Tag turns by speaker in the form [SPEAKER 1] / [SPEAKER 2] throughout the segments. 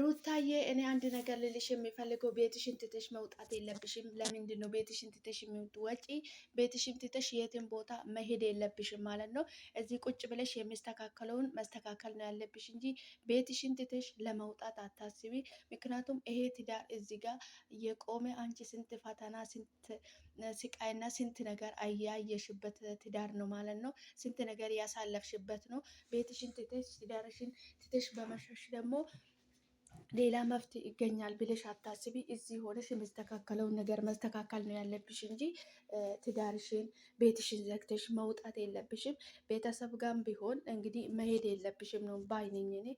[SPEAKER 1] ሩታዬ እኔ አንድ ነገር ልልሽ የሚፈልገው ቤትሽን ትተሽ መውጣት የለብሽም። ለምንድን ነው ቤትሽን ትተሽ የምትወጪ? ቤትሽን ትተሽ የትን ቦታ መሄድ የለብሽም ማለት ነው። እዚህ ቁጭ ብለሽ የሚስተካከለውን መስተካከል ነው ያለብሽ እንጂ ቤትሽን ትተሽ ለመውጣት አታስቢ። ምክንያቱም ይሄ ትዳር እዚህ ጋር የቆመ አንቺ ስንት ፈተና፣ ስንት ስቃይና ስንት ነገር አያየሽበት ትዳር ነው ማለት ነው። ስንት ነገር ያሳለፍሽበት ነው። ቤትሽን ትተሽ ትዳርሽን ትተሽ በመሸሽ ደግሞ ሌላ መፍትሄ ይገኛል ብለሽ አታስቢ። እዚህ ሆነሽ የሚስተካከለውን ነገር መስተካከል ነው ያለብሽ እንጂ ትዳርሽን፣ ቤትሽን ዘግተሽ መውጣት የለብሽም። ቤተሰብ ጋም ቢሆን እንግዲህ መሄድ የለብሽም ነው ባይነኝ እኔ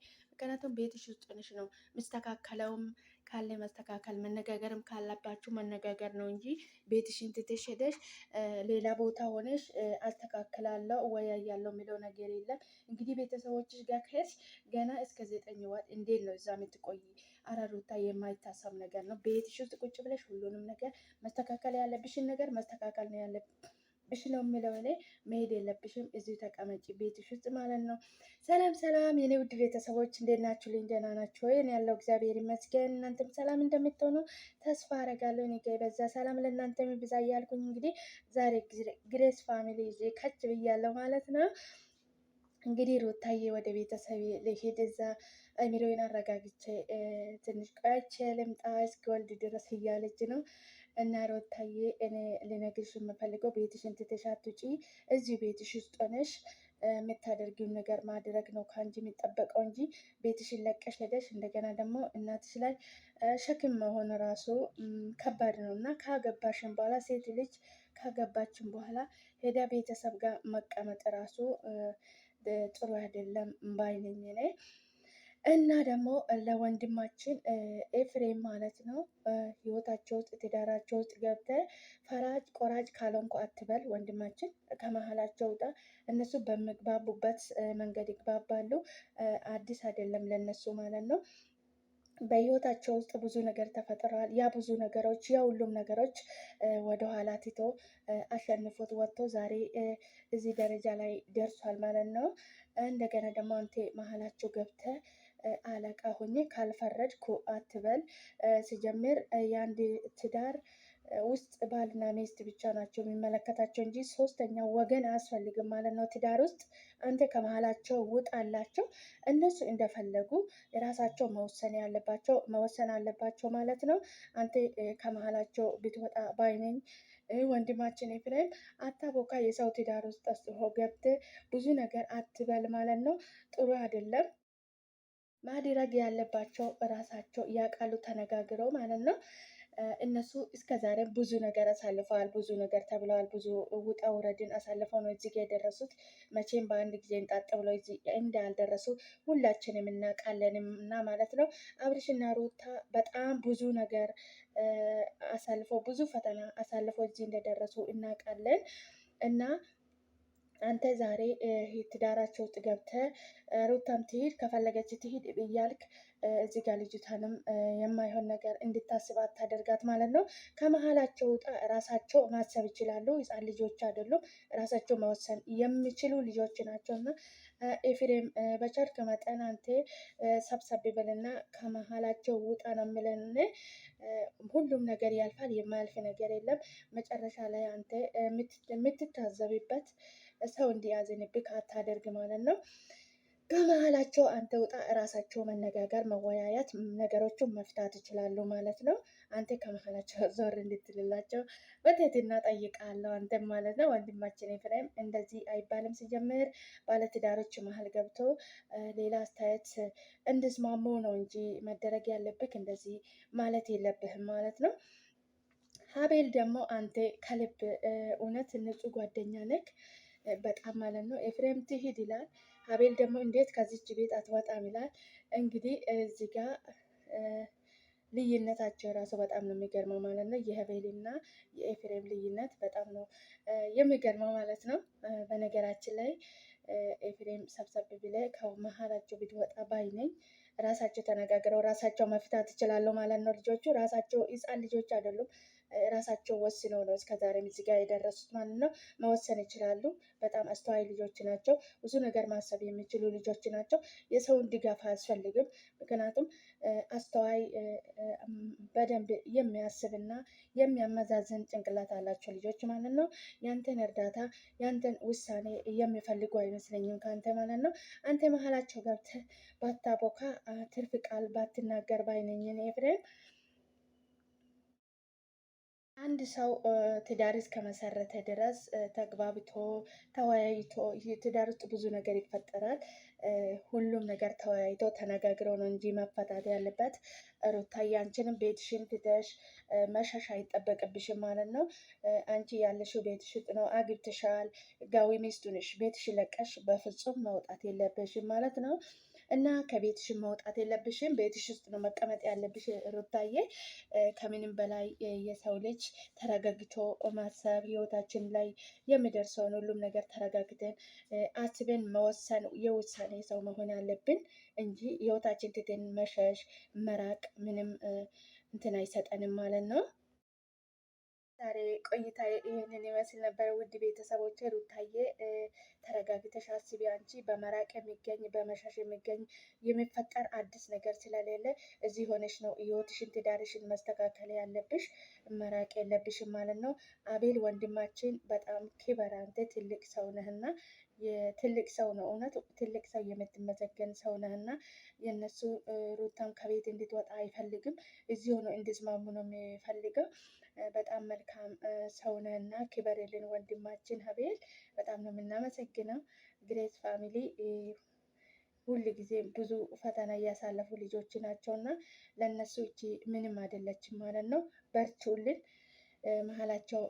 [SPEAKER 1] ምክንያቱም ቤትሽ ውስጥ ነሽ ነው ምስተካከለውም ካለ መስተካከል መነጋገርም ካላባችሁ መነጋገር ነው እንጂ ቤትሽን ትተሽ ሄደሽ ሌላ ቦታ ሆነሽ አስተካክላለሁ እወያያለሁ የሚለው ነገር የለም። እንግዲህ ቤተሰቦችሽ ጋር ከሄድሽ ገና እስከ ዘጠኝ ወር እንዴት ነው እዛ የምትቆይ? አረ የማይታሰብ ነገር ነው። ቤትሽ ውስጥ ቁጭ ብለሽ ሁሉንም ነገር መስተካከል ያለብሽን ነገር መስተካከል ነው ያለብሽ። ያለብሽ ነው የምለው እኔ። መሄድ የለብሽም እዚሁ ተቀመጪ ቤትሽ ውስጥ ማለት ነው። ሰላም ሰላም፣ የኔ ውድ ቤተሰቦች እንዴት ናችሁ? ልኝ ደህና ናችሁ ወይ? እኔ ያለው እግዚአብሔር ይመስገን። እናንተም ሰላም እንደምትሆኑ ተስፋ አረጋለሁ። እኔ ጋ በዛ ሰላም ለእናንተም ይብዛ እያልኩኝ እንግዲህ ዛሬ ግሬስ ፋሚሊ ይዤ ከች ብያለሁ ማለት ነው። እንግዲህ ሩታዬ ወደ ቤተሰብ ልሂድ፣ እዛ አእምሮዬን አረጋግቼ ትንሽ ቆያች ልምጣች ወልድ ድረስ እያለች ነው። እና ሩታዬ እኔ ልነግርሽ የምፈልገው ቤትሽን ትተሽ አትውጪ፣ እዚሁ ቤትሽ ውስጥ ሆነሽ የምታደርጊውን ነገር ማድረግ ነው ከአንቺ የሚጠበቀው እንጂ ቤትሽን ለቀሽ ሄደሽ እንደገና ደግሞ እናትሽ ላይ ሸክም መሆን ራሱ ከባድ ነው እና ካገባሽን በኋላ ሴት ልጅ ካገባችን በኋላ ሄዳ ቤተሰብ ጋር መቀመጥ ራሱ ጥሩ አይደለም ባይነኝ እኔ እና ደግሞ ለወንድማችን ኤፍሬም ማለት ነው ህይወታቸው ውስጥ ትዳራቸው ውስጥ ገብተ ፈራጅ ቆራጭ ካልሆንኩ አትበል። ወንድማችን ከመሀላቸው ውጣ። እነሱ በሚግባቡበት መንገድ ይግባባሉ። አዲስ አይደለም ለነሱ ማለት ነው። በህይወታቸው ውስጥ ብዙ ነገር ተፈጥረዋል። ያ ብዙ ነገሮች ያ ሁሉም ነገሮች ወደኋላ ትቶ አሸንፎት ወጥቶ ዛሬ እዚህ ደረጃ ላይ ደርሷል ማለት ነው። እንደገና ደግሞ አንቴ መሀላቸው ገብተ አለቃ ሆኜ ካልፈረድኩ አትበል። ሲጀምር የአንድ ትዳር ውስጥ ባልና ሚስት ብቻ ናቸው የሚመለከታቸው እንጂ ሶስተኛ ወገን አያስፈልግም ማለት ነው። ትዳር ውስጥ አንተ ከመሀላቸው ውጣላቸው። እነሱ እንደፈለጉ የራሳቸው መወሰን ያለባቸው መወሰን አለባቸው ማለት ነው። አንተ ከመሀላቸው ብትወጣ ባይነኝ። ወንድማችን ኤፍሬም አታቦካ፣ የሰው ትዳር ውስጥ ጠስሆ ገብት ብዙ ነገር አትበል ማለት ነው። ጥሩ አይደለም። ማድረግ ያለባቸው ራሳቸው እያቃሉ ተነጋግረው ማለት ነው። እነሱ እስከ ዛሬ ብዙ ነገር አሳልፈዋል፣ ብዙ ነገር ተብለዋል፣ ብዙ ውጣ ውረድን አሳልፈው ነው እዚህ የደረሱት። መቼም በአንድ ጊዜ እንጣጥ ብለው እንዳልደረሱ ሁላችንም እናውቃለንም እና ማለት ነው። አብርሽና ሩታ በጣም ብዙ ነገር አሳልፈው ብዙ ፈተና አሳልፈው እዚህ እንደደረሱ እናውቃለን እና አንተ ዛሬ ትዳራቸው ውስጥ ገብተህ ሩታም ትሂድ ከፈለገች ትሂድ እያልክ እዚህ ጋር ልጅቷንም የማይሆን ነገር እንድታስብ አታደርጋት ማለት ነው። ከመሀላቸው ራሳቸው ማሰብ ይችላሉ። ህፃን ልጆች አይደሉም። ራሳቸው መወሰን የሚችሉ ልጆች ናቸው እና ኤፍሬም በቻልክ መጠን አንተ ሰብሰብ ብልና ከመሀላቸው ውጣ ነው ምለን ሁሉም ነገር ያልፋል። የማያልፍ ነገር የለም። መጨረሻ ላይ አንተ የምትታዘብበት ሰው እንዲያዝንብህ አታደርግ ማለት ነው። በመሀላቸው አንተ ውጣ፣ እራሳቸው መነጋገር መወያየት፣ ነገሮቹን መፍታት ይችላሉ ማለት ነው። አንተ ከመሀላቸው ዞር እንድትልላቸው በትህትና ጠይቃለሁ። አንተም ማለት ነው ወንድማችን ኤፍሬም፣ እንደዚህ አይባልም። ሲጀምር ባለትዳሮች መሀል ገብቶ ሌላ አስተያየት እንድስማሙ ነው እንጂ መደረግ ያለብህ እንደዚህ ማለት የለብህም ማለት ነው። ሀቤል ደግሞ አንተ ከልብ እውነት ንጹሕ ጓደኛ ነክ በጣም ማለት ነው ኤፍሬም ትሂድ ይላል አቤል ደግሞ እንዴት ከዚች ቤት አትወጣም ይላል። እንግዲህ እዚህ ጋ ልዩነታቸው ራሱ በጣም ነው የሚገርመው ማለት ነው። እና የኤፍሬም ልዩነት በጣም ነው የሚገርመው ማለት ነው። በነገራችን ላይ ኤፍሬም ሰብሰብ ብለ ከመሀላቸው ብትወጣ ባይ ነኝ። ራሳቸው ተነጋግረው ራሳቸው መፍታት ይችላሉ ማለት ነው። ልጆቹ ራሳቸው ህፃን ልጆች አይደሉም። ራሳቸው ወስነው ነው እስከዛሬም እዚህ ጋር የደረሱት ማለት ነው። መወሰን ይችላሉ። በጣም አስተዋይ ልጆች ናቸው። ብዙ ነገር ማሰብ የሚችሉ ልጆች ናቸው። የሰውን ድጋፍ አያስፈልግም። ምክንያቱም አስተዋይ በደንብ የሚያስብና የሚያመዛዝን ጭንቅላት አላቸው ልጆች ማለት ነው። ያንተን እርዳታ ያንተን ውሳኔ የሚፈልጉ አይመስለኝም ከአንተ ማለት ነው። አንተ መሀላቸው ገብተህ ባታቦካ ትርፍ ቃል ባትናገር ባይነኝን ኤፍሬም አንድ ሰው ትዳር እስከመሰረተ ድረስ ተግባብቶ ተወያይቶ ትዳር ውስጥ ብዙ ነገር ይፈጠራል። ሁሉም ነገር ተወያይቶ ተነጋግረው ነው እንጂ መፈታት ያለበት። ሩታ አንቺንም ቤትሽን ትተሽ መሸሽ አይጠበቅብሽም ማለት ነው። አንቺ ያለሽው ቤትሽ ውስጥ ነው። አግብተሻል፣ ጋዊ ሚስቱንሽ ቤትሽ ለቀሽ በፍጹም መውጣት የለብሽም ማለት ነው። እና ከቤትሽ መውጣት የለብሽም፣ ቤትሽ ውስጥ ነው መቀመጥ ያለብሽ ሩታዬ። ከምንም በላይ የሰው ልጅ ተረጋግቶ ማሰብ ህይወታችን ላይ የሚደርሰውን ሁሉም ነገር ተረጋግተን አስበን መወሰን የውሳኔ ሰው መሆን አለብን እንጂ ህይወታችን ትትን መሸሽ መራቅ ምንም እንትን አይሰጠንም ማለት ነው። ዛሬ ቆይታ ይህንን ይመስል ነበር። ውድ ቤተሰቦች ሩታዬ ተረጋግተሽ አስቢ። አንቺ በመራቅ የሚገኝ በመሻሽ የሚገኝ የሚፈጠር አዲስ ነገር ስለሌለ እዚህ ሆነሽ ነው ህይወትሽን ትዳርሽን መስተካከል ያለብሽ፣ መራቅ የለብሽም ማለት ነው። አቤል ወንድማችን በጣም ክበር፣ አንተ ትልቅ ሰው ነህና ትልቅ ሰው ነው እውነት ትልቅ ሰው የምትመዘገን ሰው ነህ ነህና የእነሱ ሩታም ከቤት እንድትወጣ አይፈልግም። እዚህ ሆኖ እንድትስማሙ ነው የሚፈልገው። በጣም መልካም ሰው ነህና ክበርልን ወንድማችን ሀቤል። በጣም ነው የምናመሰግነው። ግሬት ፋሚሊ ሁል ጊዜ ብዙ ፈተና እያሳለፉ ልጆች ናቸው እና ለእነሱ እቺ ምንም አይደለችም ማለት ነው። በርቱልን። መሀላቸው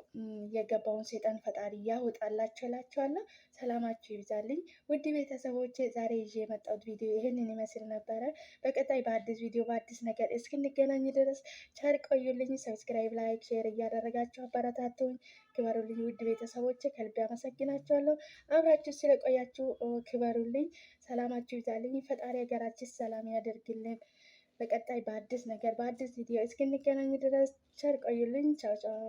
[SPEAKER 1] የገባውን ሴጣን ፈጣሪ እያወጣላቸው እላቸዋለሁ። ሰላማችሁ ይብዛልኝ ውድ ቤተሰቦች፣ ዛሬ ይዤ የመጣሁት ቪዲዮ ይህንን ይመስል ነበረ። በቀጣይ በአዲስ ቪዲዮ በአዲስ ነገር እስክንገናኝ ድረስ ቸር ቆዩልኝ። ሰብስክራይብ፣ ላይክ፣ ሼር እያደረጋቸው አበረታቱኝ። ክበሩልኝ ውድ ቤተሰቦች፣ ከልብ አመሰግናቸዋለሁ። አብራችሁ ስለቆያችሁ ክበሩልኝ። ሰላማችሁ ይብዛልኝ። ፈጣሪ ሀገራችን ሰላም ያደርግልን። በቀጣይ በአዲስ ነገር በአዲስ ቪዲዮ እስክንገናኝ ድረስ ቸር ቆዩልኝ። ቻው ቻው።